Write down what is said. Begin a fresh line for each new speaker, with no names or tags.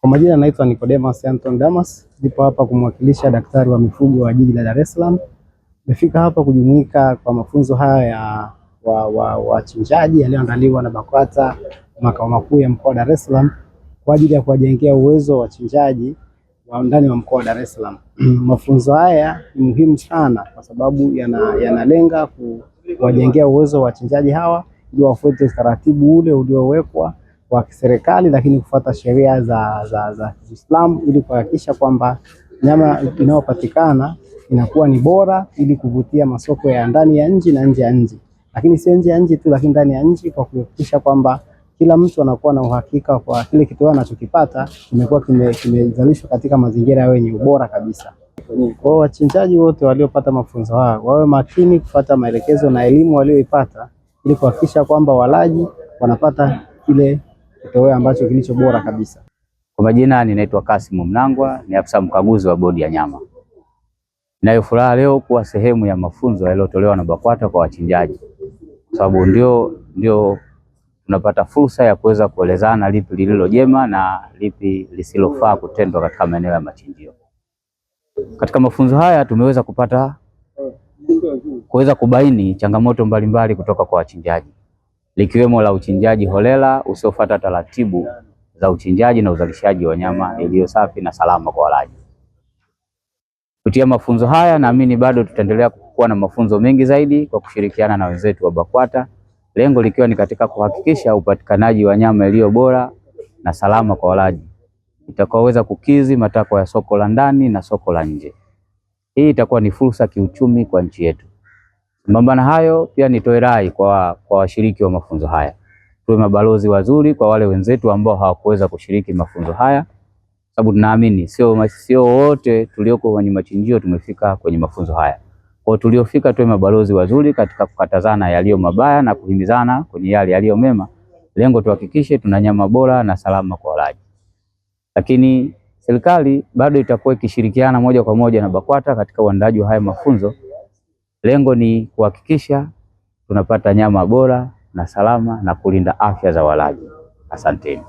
Kwa majina naitwa Nicodemus Anton Damas, nipo hapa kumwakilisha daktari wa mifugo wa jiji la Dar es Salaam. Nimefika hapa kujumuika kwa mafunzo haya ya wachinjaji wa, wachinjaji yaliyoandaliwa na BAKWATA makao makuu ya mkoa wa Dar es Salaam kwa ajili ya kuwajengea uwezo wa wachinjaji wa ndani wa mkoa wa Dar es Salaam. Mafunzo haya ni muhimu sana kwa sababu yanalenga yana kuwajengea uwezo wa wachinjaji hawa ili wafuate utaratibu ule uliowekwa wa kiserikali, lakini kufuata sheria za za za Kiislamu ili kuhakikisha kwamba nyama inayopatikana inakuwa ni bora ili kuvutia masoko ya ndani ya nchi na nje ya nchi, lakini sio nje ya nchi tu, lakini ndani ya nchi kwa kuhakikisha kwamba kila mtu anakuwa na uhakika kwa kile kitu anachokipata kimekuwa kimezalishwa katika mazingira yenye ubora kabisa. Kwa wachinjaji wote waliopata mafunzo haya wawe makini kufata maelekezo na elimu walioipata ili kuhakikisha kwamba walaji wanapata kile kitoweo ambacho kilicho bora kabisa. Kwa majina ninaitwa Kasimu Mnangwa, ni afisa mkaguzi wa bodi ya nyama. Ninayo furaha leo kuwa sehemu ya mafunzo yaliyotolewa na BAKWATA kwa wachinjaji, kwa sababu ndio ndio tunapata fursa ya kuweza kuelezana lipi lililo jema na lipi lisilofaa kutendwa katika maeneo ya machinjio. Katika mafunzo haya tumeweza kupata kuweza kubaini changamoto mbalimbali mbali kutoka kwa wachinjaji likiwemo la uchinjaji holela usiofuata taratibu za uchinjaji na uzalishaji wa nyama iliyo safi na salama kwa walaji. Kupitia mafunzo haya, naamini bado tutaendelea kuwa na mafunzo mengi zaidi kwa kushirikiana na wenzetu wa BAKWATA, lengo likiwa ni katika kuhakikisha upatikanaji wa nyama iliyo bora na salama kwa walaji itakaoweza kukidhi matakwa ya soko la ndani na soko la nje. Hii itakuwa ni fursa kiuchumi kwa nchi yetu. Sambamba na hayo, pia nitoe rai kwa kwa washiriki wa mafunzo haya, tuwe mabalozi wazuri kwa wale wenzetu ambao hawakuweza kushiriki mafunzo haya, sababu tunaamini sio sio wote tulioko kwenye machinjio tumefika kwenye mafunzo haya. Kwa tuliofika, tuwe mabalozi wazuri katika kukatazana yaliyo mabaya na kuhimizana kwenye yale yaliyo mema, lengo tuhakikishe tuna nyama bora na salama kwa walaji. Lakini serikali bado itakuwa ikishirikiana moja kwa moja na BAKWATA katika uandaji wa haya mafunzo Lengo ni kuhakikisha tunapata nyama bora na salama na kulinda afya za walaji. Asanteni.